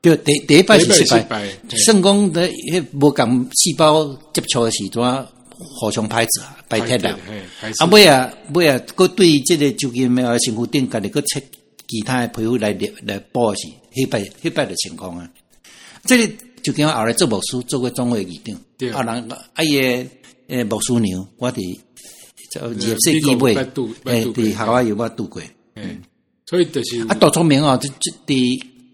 就第第一擺是失敗，算講迄無共細胞接觸誒時陣互相排斥啊，白褪啦。阿妹啊，妹啊，擱對即個周金耀誒身軀頂家己擱切其他誒皮膚來來補，是迄擺迄擺誒情況啊。即個周金耀後來做牧師，做過總會議長。啊人啊伊誒牧師娘，我佇廿世紀末誒，對，好啊，有冇渡過？嗯，所以就是啊，杜聰明啊、喔，即即啲。